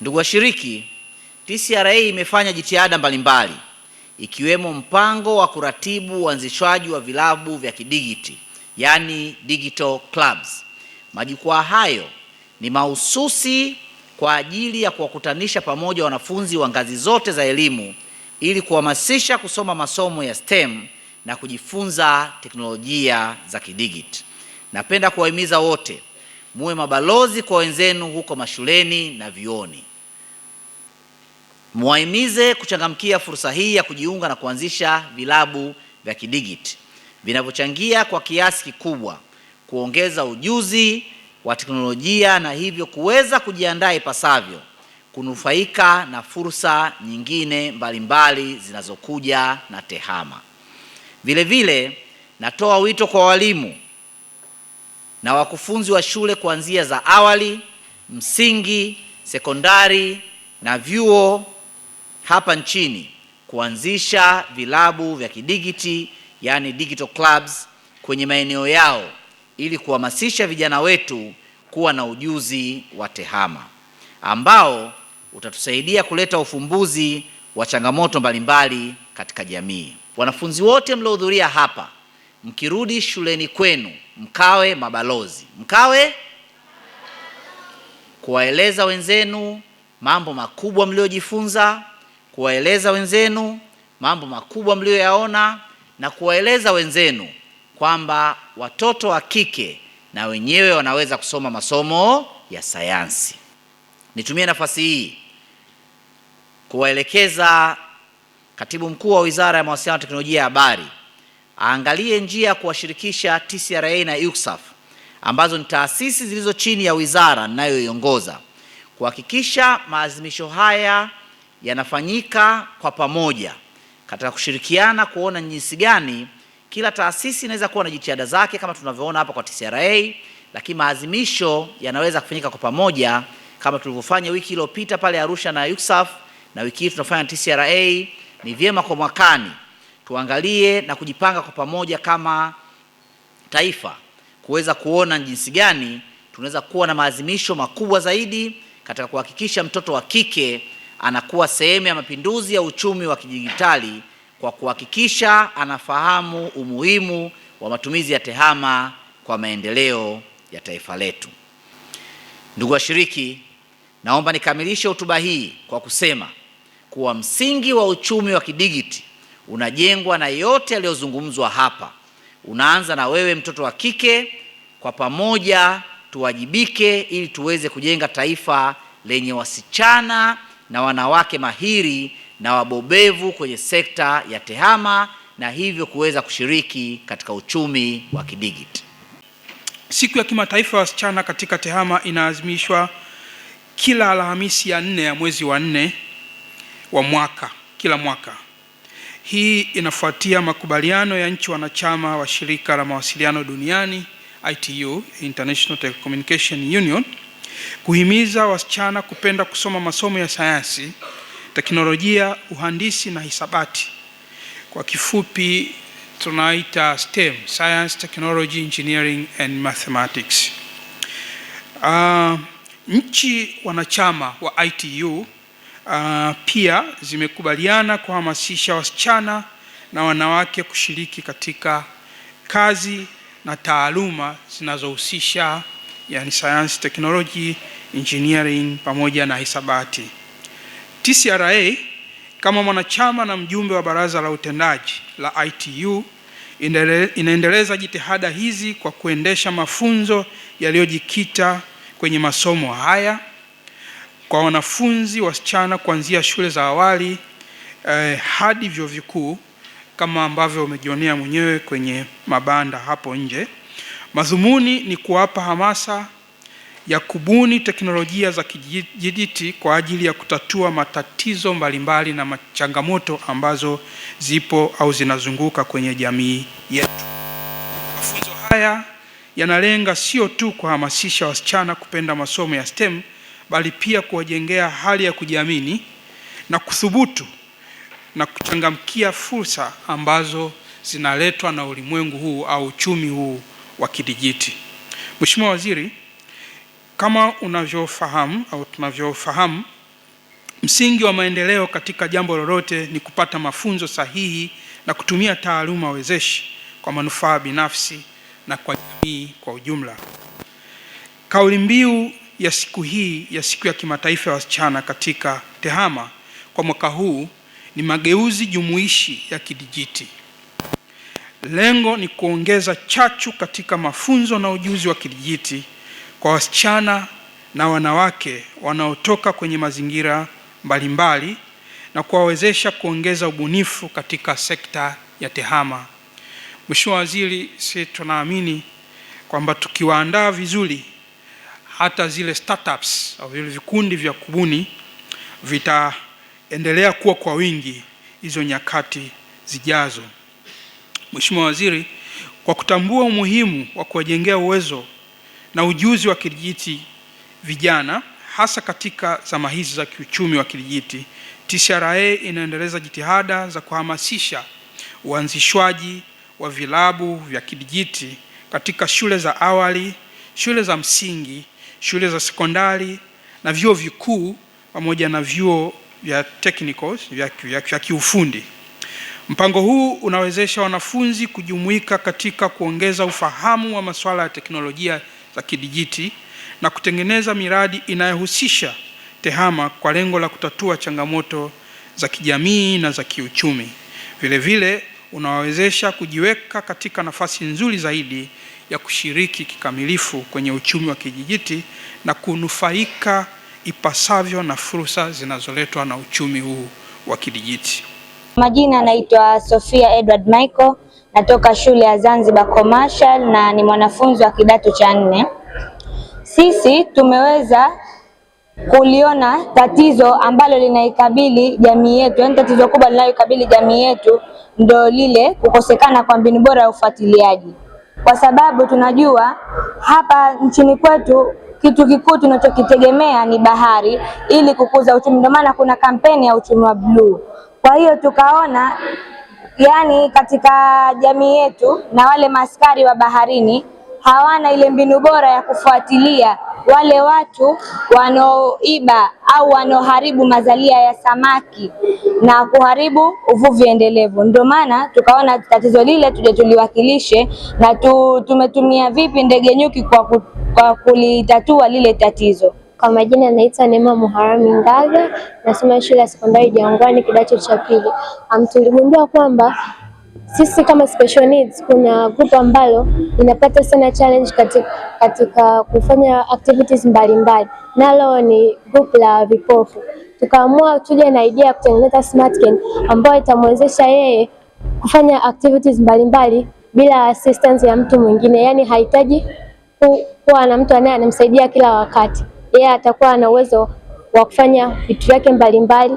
Ndugu washiriki, TCRA imefanya jitihada mbalimbali ikiwemo mpango wa kuratibu uanzishwaji wa vilabu vya kidigiti yani digital clubs. Majukwaa hayo ni mahususi kwa ajili ya kuwakutanisha pamoja wanafunzi wa ngazi zote za elimu ili kuhamasisha kusoma masomo ya STEM na kujifunza teknolojia za kidigiti. Napenda kuwahimiza wote muwe mabalozi kwa wenzenu huko mashuleni na vioni mwahimize kuchangamkia fursa hii ya kujiunga na kuanzisha vilabu vya kidigiti vinavyochangia kwa kiasi kikubwa kuongeza ujuzi wa teknolojia na hivyo kuweza kujiandaa ipasavyo kunufaika na fursa nyingine mbalimbali zinazokuja na TEHAMA. Vile vile natoa wito kwa walimu na wakufunzi wa shule kuanzia za awali, msingi, sekondari na vyuo hapa nchini kuanzisha vilabu vya kidigiti, yani digital clubs kwenye maeneo yao ili kuhamasisha vijana wetu kuwa na ujuzi wa TEHAMA ambao utatusaidia kuleta ufumbuzi wa changamoto mbalimbali katika jamii. Wanafunzi wote mliohudhuria hapa, mkirudi shuleni kwenu mkawe mabalozi, mkawe kuwaeleza wenzenu mambo makubwa mliojifunza kuwaeleza wenzenu mambo makubwa mliyoyaona na kuwaeleza wenzenu kwamba watoto wa kike na wenyewe wanaweza kusoma masomo ya sayansi. Nitumie nafasi hii kuwaelekeza Katibu Mkuu wa Wizara ya Mawasiliano na Teknolojia ya Habari aangalie njia ya kuwashirikisha TCRA na UCSAF ambazo ni taasisi zilizo chini ya wizara ninayoiongoza kuhakikisha maazimisho haya yanafanyika kwa pamoja katika kushirikiana kuona jinsi gani kila taasisi inaweza kuwa na jitihada zake kama tunavyoona hapa kwa TCRA, lakini maazimisho yanaweza kufanyika kwa pamoja kama tulivyofanya wiki iliyopita pale Arusha na UCSAF na wiki hii tunafanya TCRA. Ni vyema kwa mwakani tuangalie na kujipanga kwa pamoja kama taifa kuweza kuona jinsi gani tunaweza kuwa na maazimisho makubwa zaidi katika kuhakikisha mtoto wa kike anakuwa sehemu ya mapinduzi ya uchumi wa kidijitali kwa kuhakikisha anafahamu umuhimu wa matumizi ya tehama kwa maendeleo ya taifa letu. Ndugu washiriki, naomba nikamilishe hotuba hii kwa kusema kuwa msingi wa uchumi wa kidigiti unajengwa na yote yaliyozungumzwa hapa. Unaanza na wewe mtoto wa kike. Kwa pamoja tuwajibike ili tuweze kujenga taifa lenye wasichana na wanawake mahiri na wabobevu kwenye sekta ya tehama na hivyo kuweza kushiriki katika uchumi wa kidigiti. Siku ya kimataifa ya wasichana katika tehama inaazimishwa kila Alhamisi ya nne ya mwezi wa nne wa mwaka kila mwaka. Hii inafuatia makubaliano ya nchi wanachama wa shirika la mawasiliano duniani ITU, International Telecommunication Union kuhimiza wasichana kupenda kusoma masomo ya sayansi, teknolojia, uhandisi na hisabati, kwa kifupi tunaita STEM, science, technology, engineering and mathematics. Uh, nchi wanachama wa ITU uh, ah, pia zimekubaliana kuhamasisha wasichana na wanawake kushiriki katika kazi na taaluma zinazohusisha yani science technology engineering pamoja na hisabati. TCRA kama mwanachama na mjumbe wa baraza la utendaji la ITU inaendeleza jitihada hizi kwa kuendesha mafunzo yaliyojikita kwenye masomo haya kwa wanafunzi wasichana kuanzia shule za awali eh, hadi vyuo vikuu kama ambavyo umejionea mwenyewe kwenye mabanda hapo nje. Madhumuni ni kuwapa hamasa ya kubuni teknolojia za kidijiti kwa ajili ya kutatua matatizo mbalimbali na changamoto ambazo zipo au zinazunguka kwenye jamii yetu. Mafunzo haya yanalenga sio tu kuhamasisha wasichana kupenda masomo ya STEM bali pia kuwajengea hali ya kujiamini na kuthubutu na kuchangamkia fursa ambazo zinaletwa na ulimwengu huu au uchumi huu wa kidijiti. Mheshimiwa Waziri, kama unavyofahamu au tunavyofahamu, msingi wa maendeleo katika jambo lolote ni kupata mafunzo sahihi na kutumia taaluma wezeshi kwa manufaa binafsi na kwa jamii kwa ujumla. Kauli mbiu ya siku hii ya siku ya kimataifa ya wasichana katika TEHAMA kwa mwaka huu ni mageuzi jumuishi ya kidijiti. Lengo ni kuongeza chachu katika mafunzo na ujuzi wa kidijiti kwa wasichana na wanawake wanaotoka kwenye mazingira mbalimbali na kuwawezesha kuongeza ubunifu katika sekta ya tehama. Mheshimiwa Waziri, si tunaamini kwamba tukiwaandaa vizuri hata zile startups au vile vikundi vya kubuni vitaendelea kuwa kwa wingi hizo nyakati zijazo. Mheshimiwa Waziri, kwa kutambua umuhimu wa kuwajengea uwezo na ujuzi wa kidijiti vijana hasa katika zama hizi za kiuchumi wa kidijiti, TCRA inaendeleza jitihada za kuhamasisha uanzishwaji wa vilabu vya kidijiti katika shule za awali, shule za msingi, shule za sekondari na vyuo vikuu pamoja na vyuo vya technicals vya kiufundi. Mpango huu unawezesha wanafunzi kujumuika katika kuongeza ufahamu wa masuala ya teknolojia za kidijiti na kutengeneza miradi inayohusisha TEHAMA kwa lengo la kutatua changamoto za kijamii na za kiuchumi. Vile vile unawawezesha kujiweka katika nafasi nzuri zaidi ya kushiriki kikamilifu kwenye uchumi wa kidijiti na kunufaika ipasavyo na fursa zinazoletwa na uchumi huu wa kidijiti. Majina anaitwa Sofia Edward Michael, natoka shule ya Zanzibar Commercial na ni mwanafunzi wa kidato cha nne. Sisi tumeweza kuliona tatizo ambalo linaikabili jamii yetu, yaani tatizo kubwa linaloikabili jamii yetu ndo lile kukosekana kwa mbinu bora ya ufuatiliaji, kwa sababu tunajua hapa nchini kwetu kitu kikuu tunachokitegemea ni bahari ili kukuza uchumi. Ndio maana kuna kampeni ya uchumi wa bluu. Kwa hiyo tukaona yani, katika jamii yetu na wale maaskari wa baharini hawana ile mbinu bora ya kufuatilia wale watu wanaoiba au wanaoharibu mazalia ya samaki na kuharibu uvuvi endelevu. Ndio maana tukaona tatizo lile tuje tuliwakilishe na tu, tumetumia vipi ndege nyuki kwa, ku, kwa kulitatua lile tatizo. Kwa majina naitwa Neema Muharami Ngaga, nasoma shule ya sekondari Jangwani kidato cha pili. Um, tuligundua kwamba sisi kama special needs kuna group ambalo inapata sana challenge katika, katika kufanya activities mbalimbali, nalo ni group la vipofu. Tukaamua tuje na idea ya kutengeneza smart cane ambayo itamwezesha yeye kufanya activities mbalimbali mbali, bila assistance ya mtu mwingine, yaani hahitaji kuwa na mtu anaye anamsaidia kila wakati yeye atakuwa ana uwezo wa kufanya vitu vyake mbalimbali.